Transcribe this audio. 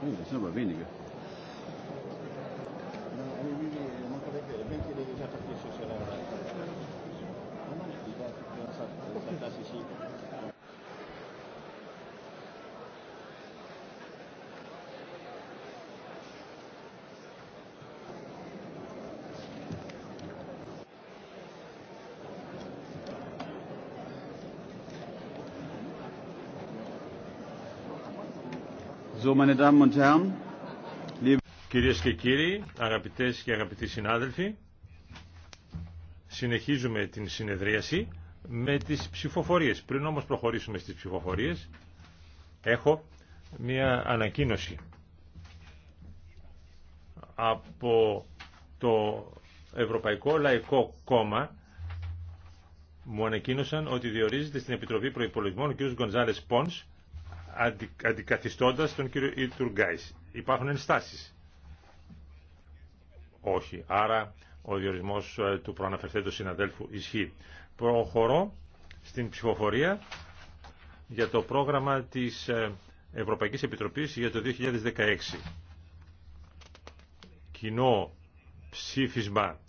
Das ist aber weniger. So, meine Damen und Herren, liebe... Κυρίες και κύριοι, αγαπητές και αγαπητοί συνάδελφοι, συνεχίζουμε την συνεδρίαση με τις ψηφοφορίες. Πριν όμως προχωρήσουμε στις ψηφοφορίες, έχω μία ανακοίνωση από το Ευρωπαϊκό Λαϊκό Κόμμα μου ανακοίνωσαν ότι διορίζεται στην Επιτροπή Προϋπολογισμών ο κ. Γκονζάλες Πόνς αντι, αντικαθιστώντας τον κύριο Ιτουργκάης. Υπάρχουν ενστάσεις. Όχι. Άρα ο διορισμός ε, του προαναφερθέντος συναδέλφου ισχύει. Προχωρώ στην ψηφοφορία για το πρόγραμμα της ε, Ευρωπαϊκής Επιτροπής για το 2016. Κοινό ψήφισμα